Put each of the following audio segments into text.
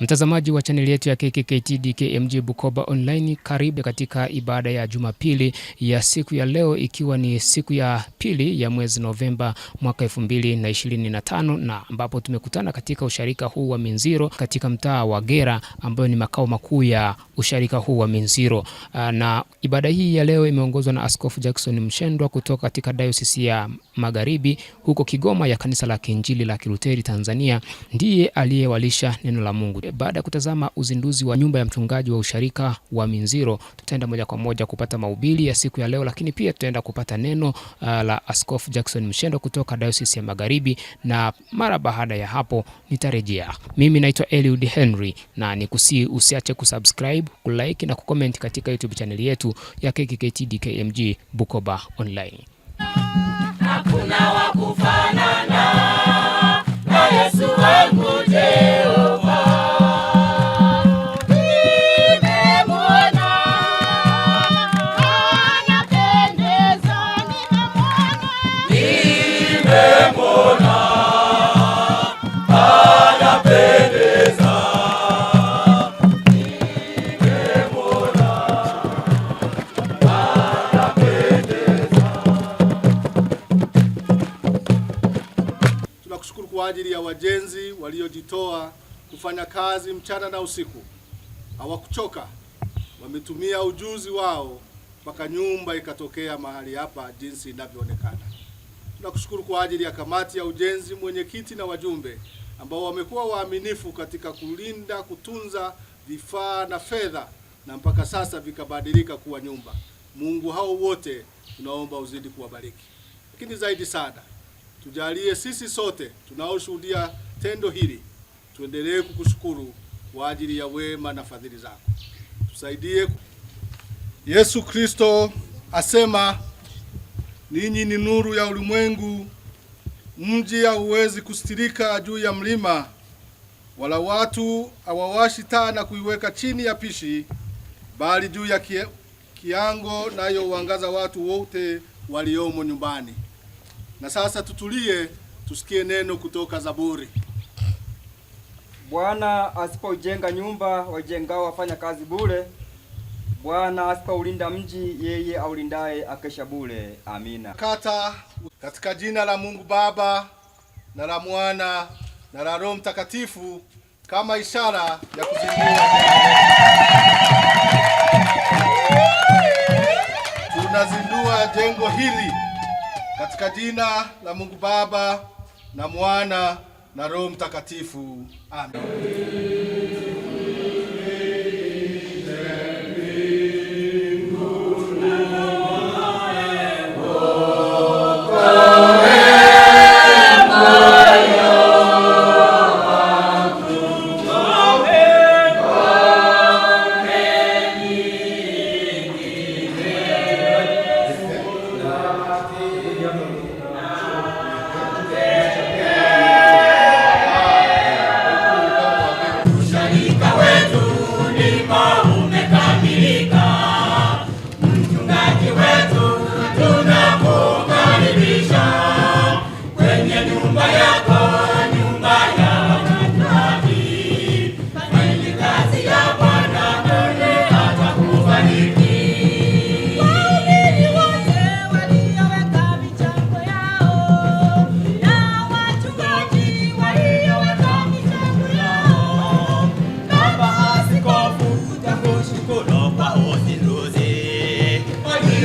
Mtazamaji wa chaneli yetu ya KKKT DKMG Bukoba Online, karibu katika ibada ya Jumapili ya siku ya leo, ikiwa ni siku ya pili ya mwezi Novemba mwaka 2025 na ambapo tumekutana katika usharika huu wa Minziro katika mtaa wa Gera ambayo ni makao makuu ya usharika huu wa Minziro, ah, na ibada hii ya leo imeongozwa na Askofu Jackson Mshendwa kutoka katika Diocese ya Magharibi huko Kigoma ya Kanisa la Kiinjili la Kiluteri Tanzania, ndiye aliyewalisha neno la Mungu. Baada ya kutazama uzinduzi wa nyumba ya mchungaji wa usharika wa Minziro, tutaenda moja kwa moja kupata mahubiri ya siku ya leo, lakini pia tutaenda kupata neno uh, la Askofu Jackson Mshendo kutoka Diocese ya Magharibi, na mara baada ya hapo nitarejea. Mimi naitwa Eliud Henry na nikusi usiache kusubscribe, kulike na kucomment katika YouTube chaneli yetu ya KKKT DKMG Bukoba Online. Hakuna wa kufanana na Yesu wangu teo kujitoa kufanya kazi mchana na usiku. Hawakuchoka, wametumia ujuzi wao mpaka nyumba ikatokea mahali hapa jinsi inavyoonekana. Tunakushukuru kwa ajili ya kamati ya ujenzi, mwenyekiti na wajumbe ambao wamekuwa waaminifu katika kulinda, kutunza vifaa na fedha na mpaka sasa vikabadilika kuwa nyumba. Mungu, hao wote tunaomba uzidi kuwabariki, lakini zaidi sana tujalie sisi sote tunaoshuhudia tendo hili tuendelee kukushukuru kwa ajili ya wema na fadhili zako, tusaidie. Yesu Kristo asema, ninyi ni nuru ya ulimwengu. Mji hauwezi kustirika juu ya mlima, wala watu hawawashi taa na kuiweka chini ya pishi, bali juu ya kie, kiango, nayo huangaza watu wote waliomo nyumbani. Na sasa tutulie, tusikie neno kutoka Zaburi. Bwana asipojenga nyumba, waijengao wafanya kazi bure. Bwana asipoulinda mji, yeye aulindaye akesha bure. Amina. Kata katika jina la Mungu Baba na la Mwana na la Roho Mtakatifu, kama ishara ya kuzindua tunazindua jengo hili katika jina la Mungu Baba na Mwana na Roho Mtakatifu. Amen.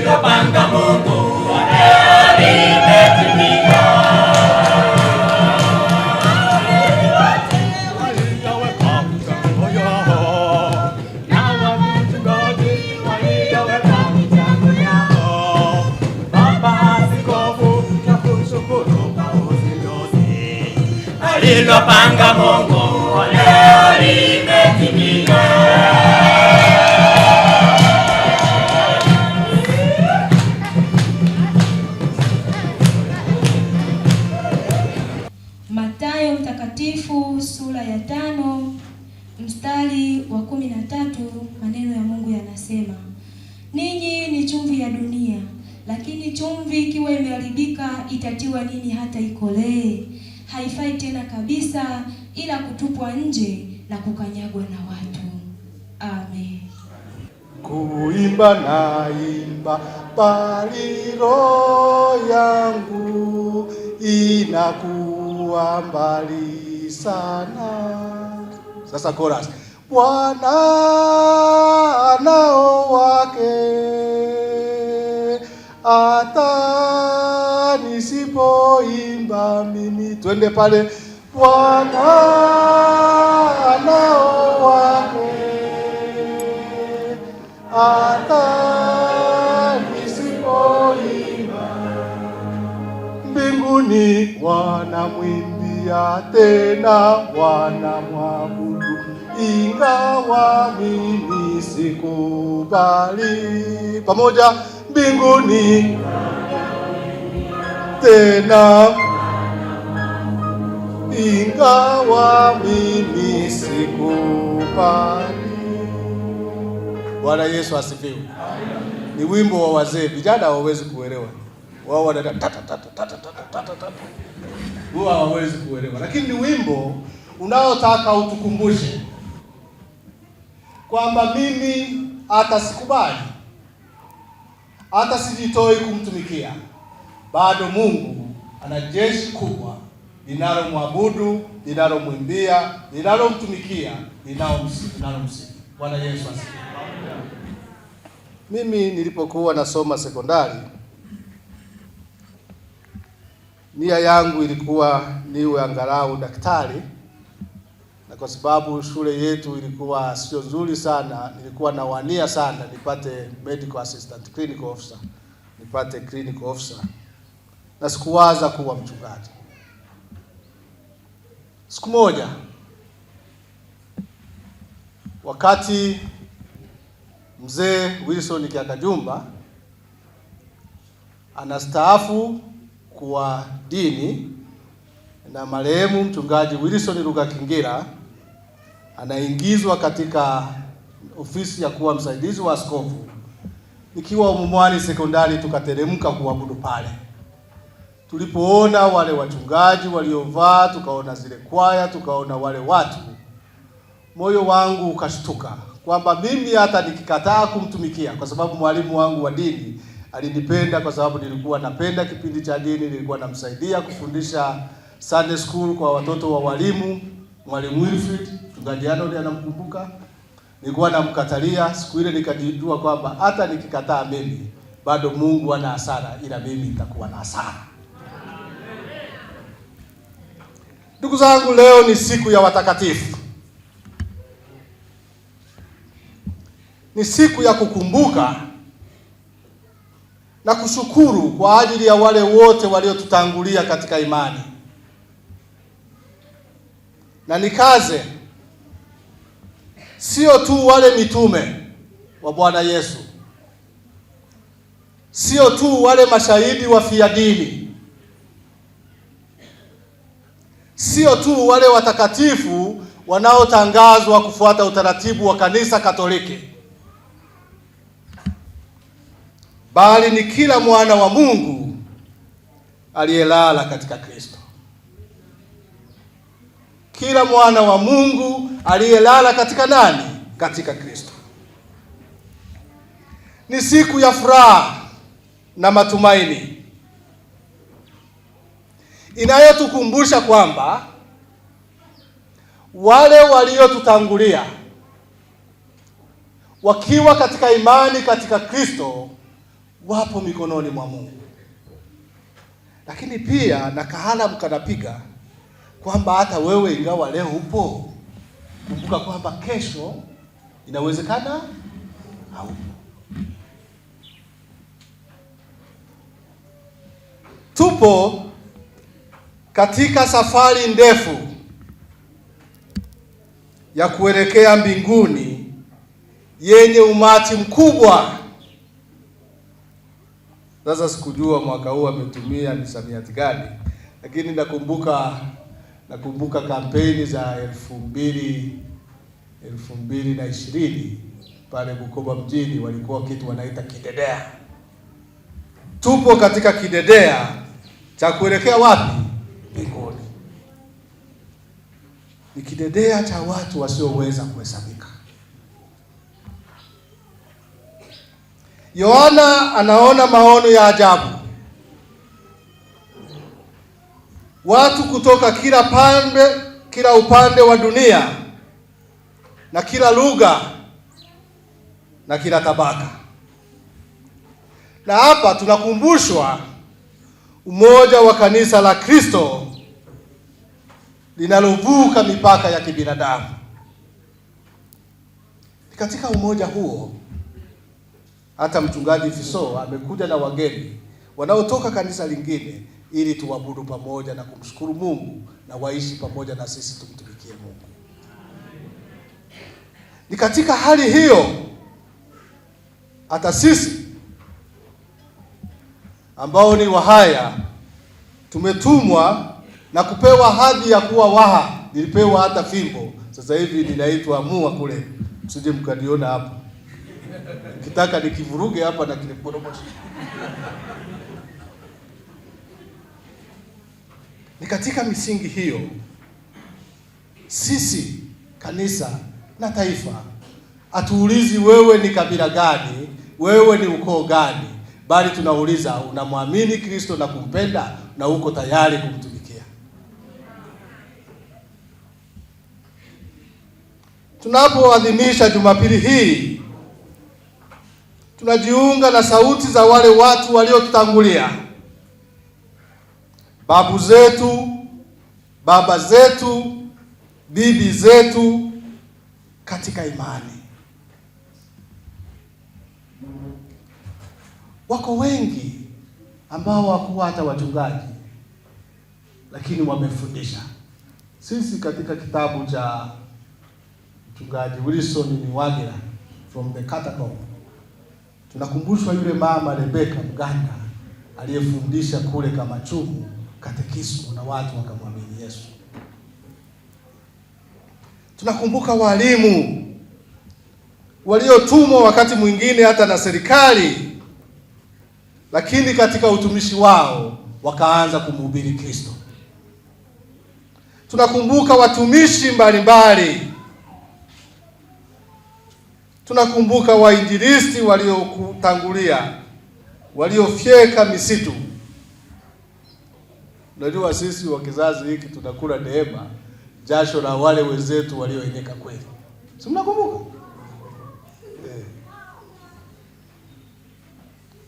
tulilopanga Mungu limetimika. Alilopanga Mungu chumvi ikiwa imeharibika itatiwa nini hata ikolee? Haifai tena kabisa, ila kutupwa nje na kukanyagwa na watu. Amen. Kuimba na imba, bali roho yangu inakuwa mbali sana. Sasa chorus. Bwana nao wake hata nisipoimba mimi. Twende pale, Bwana anao wake, hata nisipoimba mbinguni, wanamwimbia tena, wanamwabudu ingawa mimi sikubali. Pamoja mbinguni tena, ingawa mimi sikupani. Bwana Yesu asifiwe. Ni wimbo wa wazee, vijana hawawezi kuelewa wao wana tata tata tata tata tata, huwa hawawezi kuelewa, lakini ni wimbo unaotaka utukumbushe kwamba mimi hata sikubali hata sijitoi kumtumikia, bado Mungu ana jeshi kubwa linalomwabudu, linalomwimbia, linalomtumikia, linalomsifu. Bwana Yesu asifiwe. Mimi nilipokuwa nasoma sekondari, nia yangu ilikuwa niwe angalau daktari na kwa sababu shule yetu ilikuwa sio nzuri sana, nilikuwa nawania sana nipate medical assistant, clinical officer, nipate clinical officer, na sikuwaza kuwa mchungaji. Siku moja wakati mzee Wilson Kiakajumba anastaafu kuwa dini na marehemu mchungaji Wilson Rugakingira anaingizwa katika ofisi ya kuwa msaidizi wa askofu. Nikiwa Umumwani sekondari, tukateremka kuabudu pale, tulipoona wale wachungaji waliovaa, tukaona zile kwaya, tukaona wale watu, moyo wangu ukashtuka kwamba mimi hata nikikataa kumtumikia, kwa sababu mwalimu wangu wa dini alinipenda kwa sababu nilikuwa napenda kipindi cha dini, nilikuwa namsaidia kufundisha Sunday school kwa watoto wa walimu, mwalimu Wilfred Mchungaji Arnold anamkumbuka, nilikuwa namkatalia siku ile, nikajijua kwamba hata nikikataa mimi bado Mungu ana hasara, ila mimi nitakuwa na hasara. Ndugu zangu, leo ni siku ya watakatifu, ni siku ya kukumbuka na kushukuru kwa ajili ya wale wote waliotutangulia katika imani, na nikaze sio tu wale mitume wa Bwana Yesu, sio tu wale mashahidi wafia dini, sio tu wale watakatifu wanaotangazwa kufuata utaratibu wa kanisa Katoliki, bali ni kila mwana wa Mungu aliyelala katika Kristo kila mwana wa Mungu aliyelala katika nani? Katika Kristo. Ni siku ya furaha na matumaini inayotukumbusha kwamba wale waliotutangulia wakiwa katika imani katika Kristo wapo mikononi mwa Mungu, lakini pia na kahala mkanapiga kwamba hata wewe ingawa leo upo, kumbuka kwamba kesho inawezekana haupo. Tupo katika safari ndefu ya kuelekea mbinguni yenye umati mkubwa. Sasa sikujua mwaka huu ametumia misamiati gani, lakini nakumbuka Nakumbuka kampeni za elfu mbili elfu mbili na ishirini pale Bukoba mjini walikuwa kitu wanaita kidedea. Tupo katika kidedea cha kuelekea wapi? Mbinguni. Ni kidedea cha watu wasioweza kuhesabika. Yohana anaona maono ya ajabu. watu kutoka kila pande, kila upande wa dunia na kila lugha na kila tabaka. Na hapa tunakumbushwa umoja wa kanisa la Kristo linalovuka mipaka ya kibinadamu. Katika umoja huo, hata mchungaji Fiso amekuja na wageni wanaotoka kanisa lingine ili tuabudu pamoja na kumshukuru Mungu na waishi pamoja na sisi tumtumikie Mungu. Ni katika hali hiyo hata sisi ambao ni Wahaya tumetumwa na kupewa hadhi ya kuwa Waha. Nilipewa hata fimbo, sasa hivi ninaitwa mua kule, msije mkaniona hapa, kitaka nikivuruge hapa na kiniporomosha Ni katika misingi hiyo sisi kanisa na taifa hatuulizi wewe ni kabila gani, wewe ni ukoo gani, bali tunauliza unamwamini Kristo na kumpenda na uko tayari kumtumikia. Tunapoadhimisha Jumapili hii tunajiunga na sauti za wale watu waliotutangulia babu zetu, baba zetu, bibi zetu katika imani. Wako wengi ambao hawakuwa hata wachungaji, lakini wamefundisha. Sisi katika kitabu cha mchungaji Wilson ni Niwagira from the Catacomb tunakumbushwa yule mama Rebeka Mganda aliyefundisha kule kama chumu katekismo na watu wakamwamini Yesu. Tunakumbuka walimu waliotumwa wakati mwingine hata na serikali, lakini katika utumishi wao wakaanza kumhubiri Kristo. Tunakumbuka watumishi mbalimbali, tunakumbuka wainjilisti waliokutangulia, waliofyeka misitu Unajua sisi wa kizazi hiki tunakula neema, jasho la wale wenzetu walioenyeka kweli, si mnakumbuka? Eh.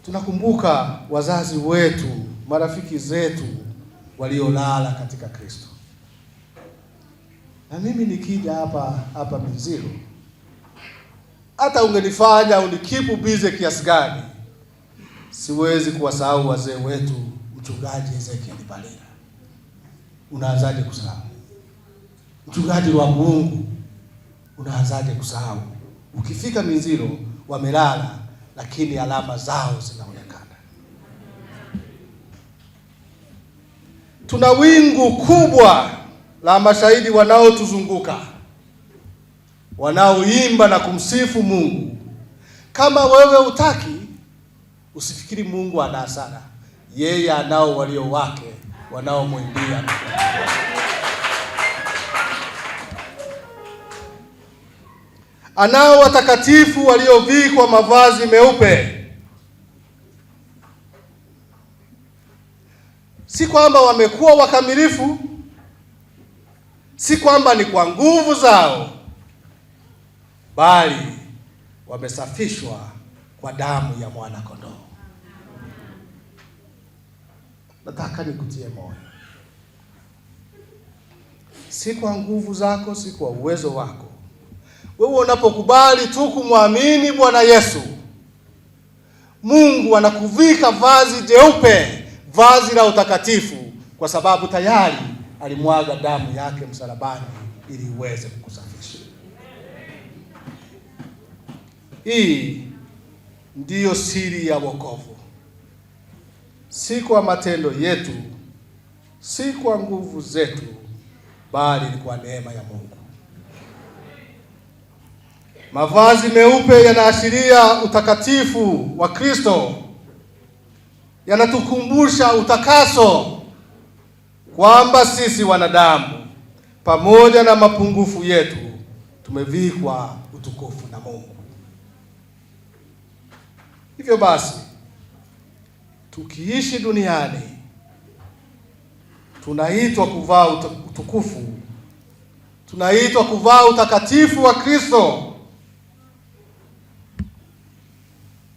tunakumbuka wazazi wetu, marafiki zetu waliolala katika Kristo. Na mimi nikija hapa hapa Minziro, hata ungenifanya unikipu bize kiasi gani, siwezi kuwasahau wazee wetu Mchungaji Ezekiel Balila, unaanzaje kusahau? Mchungaji wa Mungu unaanzaje kusahau? Ukifika Minziro wamelala, lakini alama zao zinaonekana. Tuna wingu kubwa la mashahidi wanaotuzunguka wanaoimba na kumsifu Mungu. Kama wewe utaki, usifikiri Mungu ana hasara yeye anao walio wake wanaomwimbia. Anao watakatifu waliovikwa mavazi meupe, si kwamba wamekuwa wakamilifu, si kwamba ni kwa nguvu zao, bali wamesafishwa kwa damu ya mwana kondoo. nataka nikutie moyo, si kwa nguvu zako, si kwa uwezo wako. Wewe unapokubali tu kumwamini Bwana Yesu, Mungu anakuvika vazi jeupe, vazi la utakatifu, kwa sababu tayari alimwaga damu yake msalabani ili uweze kukusafisha. Hii ndiyo siri ya wokovu si kwa matendo yetu, si kwa nguvu zetu, bali ni kwa neema ya Mungu. Mavazi meupe yanaashiria utakatifu wa Kristo, yanatukumbusha utakaso, kwamba sisi wanadamu pamoja na mapungufu yetu tumevikwa utukufu na Mungu. Hivyo basi tukiishi duniani tunaitwa kuvaa utukufu, tunaitwa kuvaa utakatifu wa Kristo,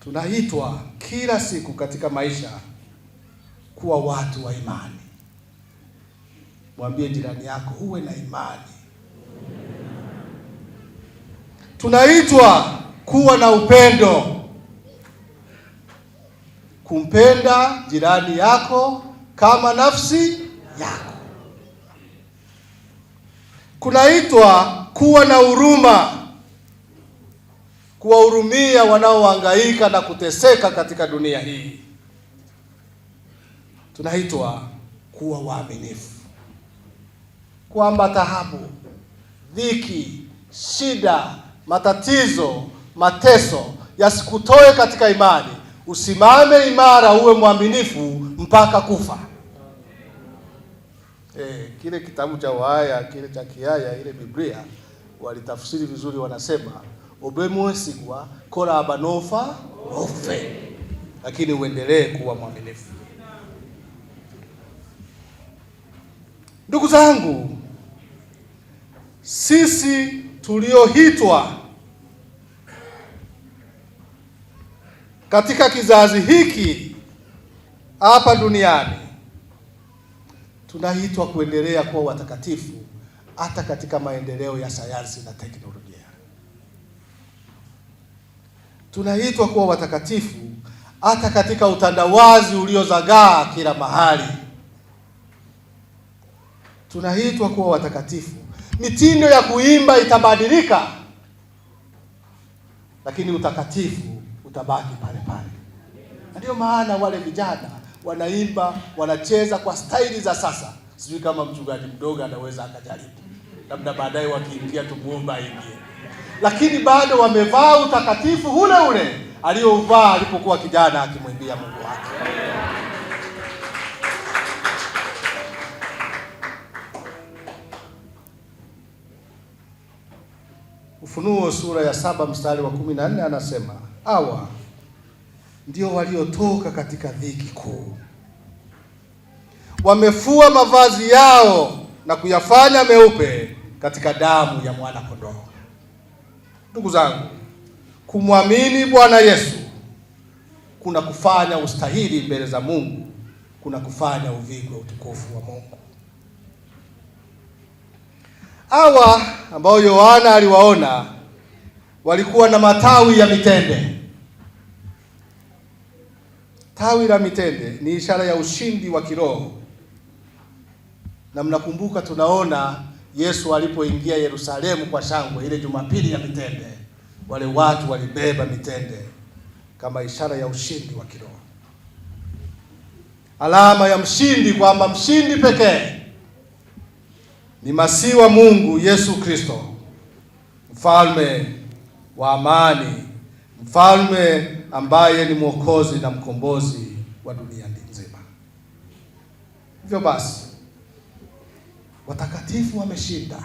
tunaitwa kila siku katika maisha kuwa watu wa imani. Mwambie jirani yako uwe na imani. Tunaitwa kuwa na upendo kumpenda jirani yako kama nafsi yako kunaitwa kuwa na huruma, kuwahurumia wanaohangaika na kuteseka katika dunia hii. Tunaitwa kuwa waaminifu, kwamba taabu, dhiki, shida, matatizo, mateso yasikutoe katika imani, usimame imara, uwe mwaminifu mpaka kufa. Eh, kile kitabu cha Wahaya kile cha kiaya ile Biblia walitafsiri vizuri, wanasema obemwesigwa kola abanofa ofe, lakini uendelee kuwa mwaminifu. Ndugu zangu, sisi tulioitwa katika kizazi hiki hapa duniani tunaitwa kuendelea kuwa watakatifu hata katika maendeleo ya sayansi na teknolojia. Tunaitwa kuwa watakatifu hata katika utandawazi uliozagaa kila mahali. Tunaitwa kuwa watakatifu. Mitindo ya kuimba itabadilika, lakini utakatifu utabaki pale pale, ndio maana wale vijana wanaimba wanacheza kwa staili za sasa. Sijui kama mchungaji mdogo anaweza akajaribu, labda baadaye wakiingia tumuomba aingie, lakini bado wamevaa utakatifu ule ule aliovaa alipokuwa kijana akimwimbia Mungu wake. Ufunuo sura ya saba mstari wa kumi na nne anasema hawa ndio waliotoka katika dhiki kuu, wamefua mavazi yao na kuyafanya meupe katika damu ya mwana kondoo. Ndugu zangu, kumwamini Bwana Yesu kuna kufanya ustahili mbele za Mungu, kuna kufanya uvikwe utukufu wa Mungu. Hawa ambao Yohana aliwaona walikuwa na matawi ya mitende. Tawi la mitende ni ishara ya ushindi wa kiroho, na mnakumbuka, tunaona Yesu alipoingia Yerusalemu kwa shangwe ile Jumapili ya mitende, wale watu walibeba mitende kama ishara ya ushindi wa kiroho, alama ya mshindi, kwamba mshindi pekee ni masiwa Mungu Yesu Kristo mfalme wa amani, mfalme ambaye ni mwokozi na mkombozi wa dunia nzima. Hivyo basi, watakatifu wameshinda,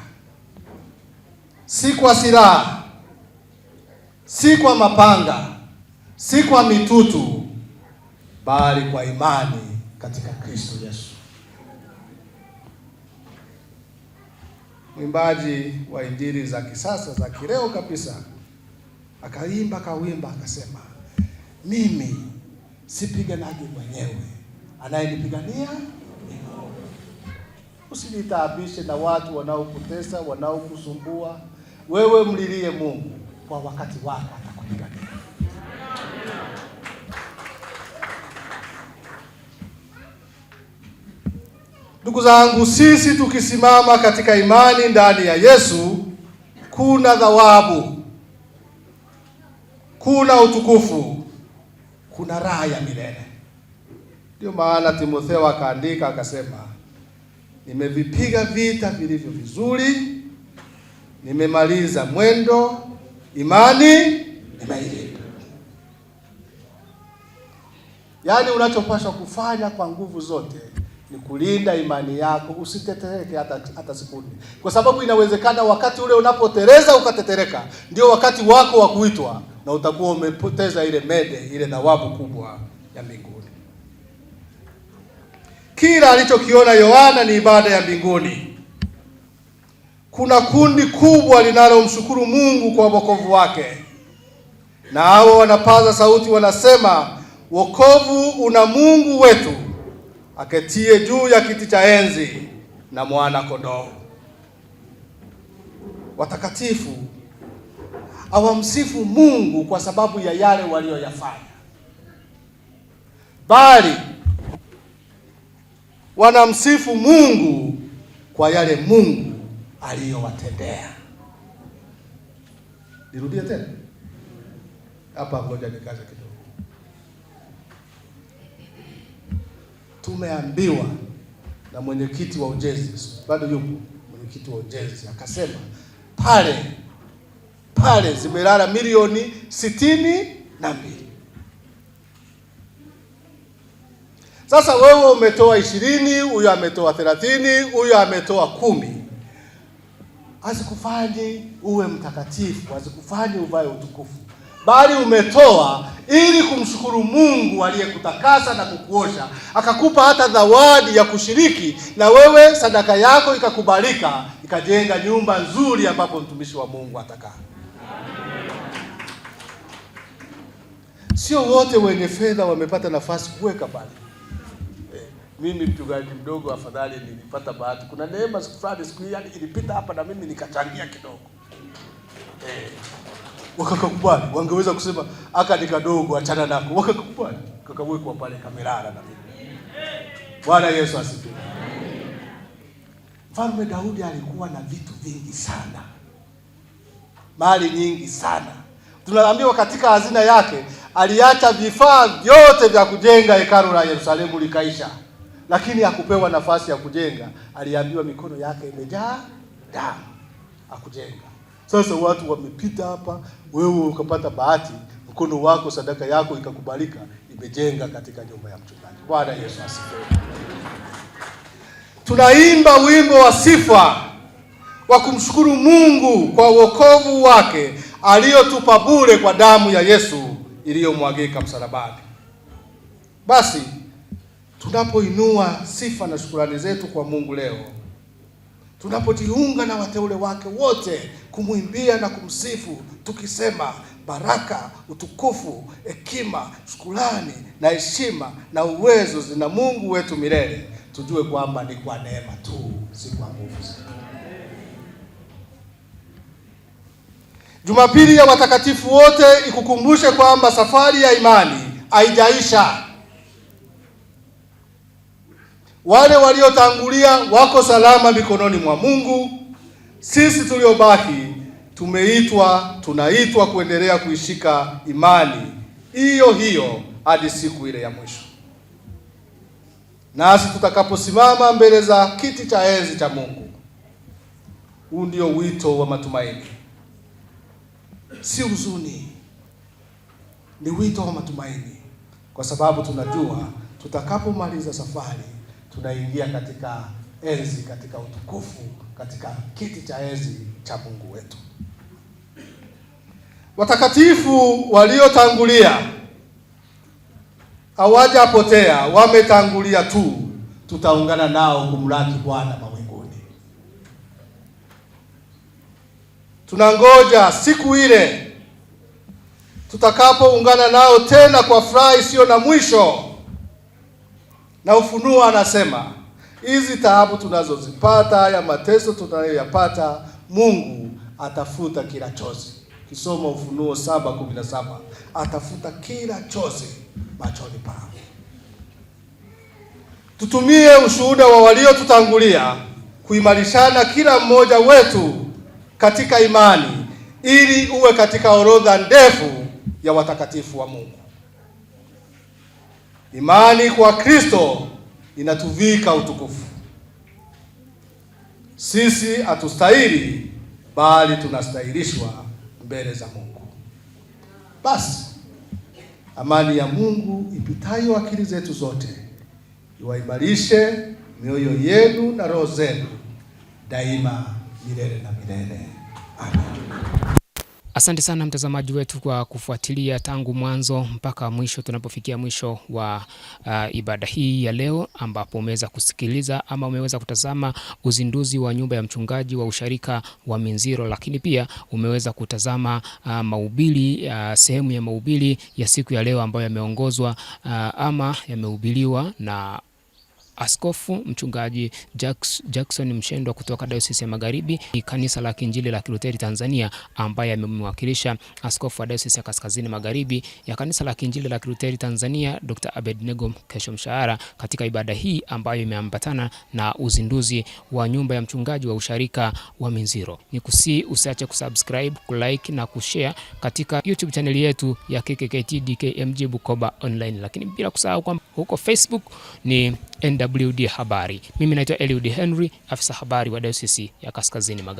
si kwa silaha, si kwa mapanga, si kwa mitutu, bali kwa imani katika Kristo Yesu. Mwimbaji wa injili za kisasa za kileo kabisa Akaimba kawimba akasema, mimi sipiganaje mwenyewe, anayenipigania usinitaabishe na watu wanaokutesa wanaokusumbua. Wewe mlilie Mungu kwa wakati wako, atakupigania. Ndugu zangu, sisi tukisimama katika imani ndani ya Yesu kuna thawabu kuna utukufu, kuna raha ya milele. Ndio maana Timotheo akaandika akasema, nimevipiga vita vilivyo vizuri, nimemaliza mwendo, imani nimeilinda. Yaani, unachopaswa kufanya kwa nguvu zote ni kulinda imani yako, usitetereke hata, hata sekunde, kwa sababu inawezekana wakati ule unapotereza ukatetereka, ndio wakati wako wa kuitwa na utakuwa umepoteza ile mede, ile thawabu kubwa ya mbinguni. Kila alichokiona Yohana ni ibada ya mbinguni. Kuna kundi kubwa linalomshukuru Mungu kwa wokovu wake, na hao wanapaza sauti wanasema, wokovu una Mungu wetu aketie juu ya kiti cha enzi na mwana kondoo. Watakatifu hawamsifu Mungu kwa sababu ya yale walioyafanya, bali wanamsifu Mungu kwa yale Mungu aliyowatendea. Nirudie tena hapa, ngoja nikaze kidogo. Tumeambiwa na mwenyekiti wa ujenzi, bado yupo mwenyekiti wa ujenzi, akasema pale pale zimelala milioni sitini na mbili. Sasa wewe umetoa ishirini, huyo ametoa thelathini, huyo ametoa kumi. Hazikufanyi uwe mtakatifu, hazikufanyi uvae utukufu, bali umetoa ili kumshukuru Mungu aliyekutakasa na kukuosha, akakupa hata zawadi ya kushiriki na wewe sadaka yako ikakubalika, ikajenga nyumba nzuri ambapo mtumishi wa Mungu atakaa. Sio wote wenye fedha wamepata nafasi kuweka pale. Eh, mimi mchungaji mdogo, afadhali nilipata bahati. Kuna neema siku fulani, siku hii yani ilipita hapa na mimi nikachangia kidogo eh, wakakubali. Wangeweza kusema aka ni kadogo, achana nako, wakakubali, kakawekwa pale Kamerara na mimi. Bwana Yesu asifiwe. Mfalme Daudi alikuwa na vitu vingi sana, mali nyingi sana, tunaambiwa katika hazina yake aliacha vifaa vyote vya kujenga hekalu la Yerusalemu likaisha, lakini hakupewa nafasi ya kujenga. Aliambiwa mikono yake imejaa damu, akujenga Sasa watu wamepita hapa, wewe ukapata bahati, mkono wako, sadaka yako ikakubalika, imejenga katika nyumba ya mchungaji. Bwana Yesu asifiwe. Tunaimba wimbo wa sifa wa kumshukuru Mungu kwa wokovu wake aliyotupa bure kwa damu ya Yesu iliyomwagika msalabani. Basi tunapoinua sifa na shukurani zetu kwa Mungu leo, tunapojiunga na wateule wake wote kumwimbia na kumsifu tukisema, baraka, utukufu, hekima, shukurani na heshima na uwezo zina Mungu wetu milele, tujue kwamba ni kwa neema tu, si kwa nguvu zetu. Jumapili ya watakatifu wote ikukumbushe kwamba safari ya imani haijaisha. Wale waliotangulia wako salama mikononi mwa Mungu. Sisi tuliobaki tumeitwa, tunaitwa kuendelea kuishika imani hiyo hiyo hadi siku ile ya mwisho, nasi tutakaposimama mbele za kiti cha enzi cha Mungu. Huu ndio wito wa matumaini si huzuni, ni wito wa matumaini, kwa sababu tunajua tutakapomaliza safari tunaingia katika enzi, katika utukufu, katika kiti cha enzi cha Mungu wetu. Watakatifu waliotangulia hawajapotea, wametangulia tu. Tutaungana nao kumlaki Bwana. tunangoja siku ile tutakapoungana nao tena kwa furaha isiyo na mwisho. Na Ufunuo anasema hizi taabu tunazozipata, haya mateso tunayoyapata, Mungu atafuta kila chozi. Kisoma Ufunuo 7:17 atafuta kila chozi machoni pao. Tutumie ushuhuda wa waliotutangulia kuimarishana kila mmoja wetu katika imani ili uwe katika orodha ndefu ya watakatifu wa Mungu. Imani kwa Kristo inatuvika utukufu. Sisi hatustahili bali tunastahilishwa mbele za Mungu. Basi amani ya Mungu ipitayo akili zetu zote iwaimarishe mioyo yenu na roho zenu daima milele na milele. Amen. Asante sana mtazamaji wetu kwa kufuatilia tangu mwanzo mpaka mwisho, tunapofikia mwisho wa uh, ibada hii ya leo, ambapo umeweza kusikiliza ama umeweza kutazama uzinduzi wa nyumba ya mchungaji wa usharika wa Minziro, lakini pia umeweza kutazama uh, mahubiri uh, sehemu ya mahubiri ya siku ya leo ambayo yameongozwa uh, ama yamehubiriwa na Askofu Mchungaji Jackson Mshendwa kutoka Dayosisi ya Magharibi, Kanisa la Kiinjili la Kilutheri Tanzania, ambaye amemwakilisha askofu wa Dayosisi ya Kaskazini Magharibi ya Kanisa la Kiinjili la Kilutheri Tanzania, Dr. Abednego kesho Mshahara katika ibada hii ambayo imeambatana na uzinduzi wa nyumba ya mchungaji wa usharika wa Minziro. Ni kusi usiache kusubscribe, kulike na kushare katika YouTube channel yetu ya KKKT DKMG Bukoba Online, lakini bila kusahau kwamba huko Facebook ni NWD Habari. Mimi naitwa Eliud Henry, afisa habari wa Dayosisi ya Kaskazini Magharibi.